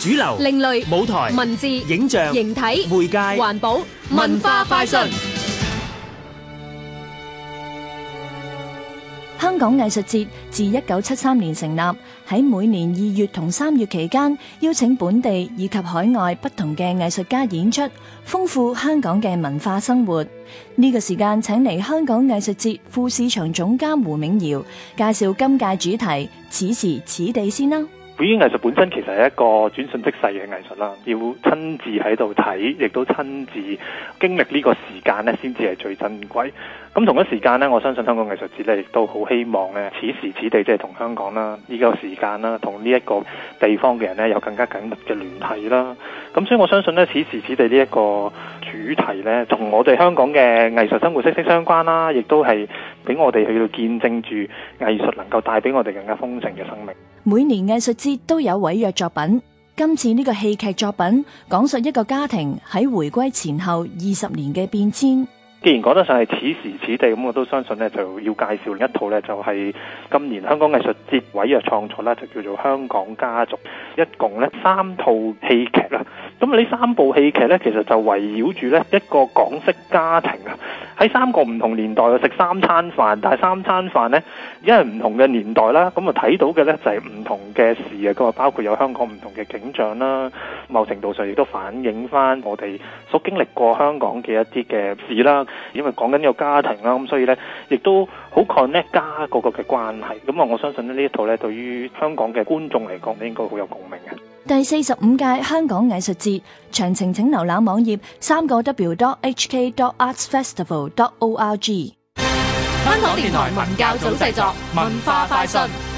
主流，另類，舞台，文字，影像，形體，媒介，環保，表演藝術本身其實係一個轉瞬即逝嘅藝術啦，要親自喺度睇，亦都親自經歷呢個時間咧，先至係最珍貴。咁同一時間呢，我相信香港藝術節呢，亦都好希望呢，此時此地即係同香港啦，呢個時間啦，同呢一個地方嘅人呢，有更加緊密嘅聯繫啦。咁所以我相信呢，此時此地呢、這、一個主題呢，同我哋香港嘅藝術生活息息相關啦，亦都係俾我哋去到見證住藝術能夠帶俾我哋更加豐盛嘅生命。每年藝術節都有委約作品，今次呢個戲劇作品講述一個家庭喺回歸前後二十年嘅變遷。既然講得上係此時此地，咁我都相信呢就要介紹另一套呢，就係今年香港藝術節委約創作啦，就叫做《香港家族》，一共呢三套戲劇啦。咁呢三部戲劇呢，其實就圍繞住呢一個港式家庭啊，喺三個唔同年代食三餐飯，但係三餐飯呢，因為唔同嘅年代啦，咁啊睇到嘅呢，就係唔同嘅事啊。佢話包括有香港唔同嘅景象啦，某程度上亦都反映返我哋所經歷過香港嘅一啲嘅事啦。因為講緊呢個家庭啦，咁所以呢，亦都好 connect 家個個嘅關係。咁啊，我相信呢一套呢，對於香港嘅觀眾嚟講呢，應該好有共鳴嘅。第四十五屆香港藝術節詳情，請瀏覽網頁三個 w dot hk dot arts festival dot org。香港電台文教組製作，文化快訊。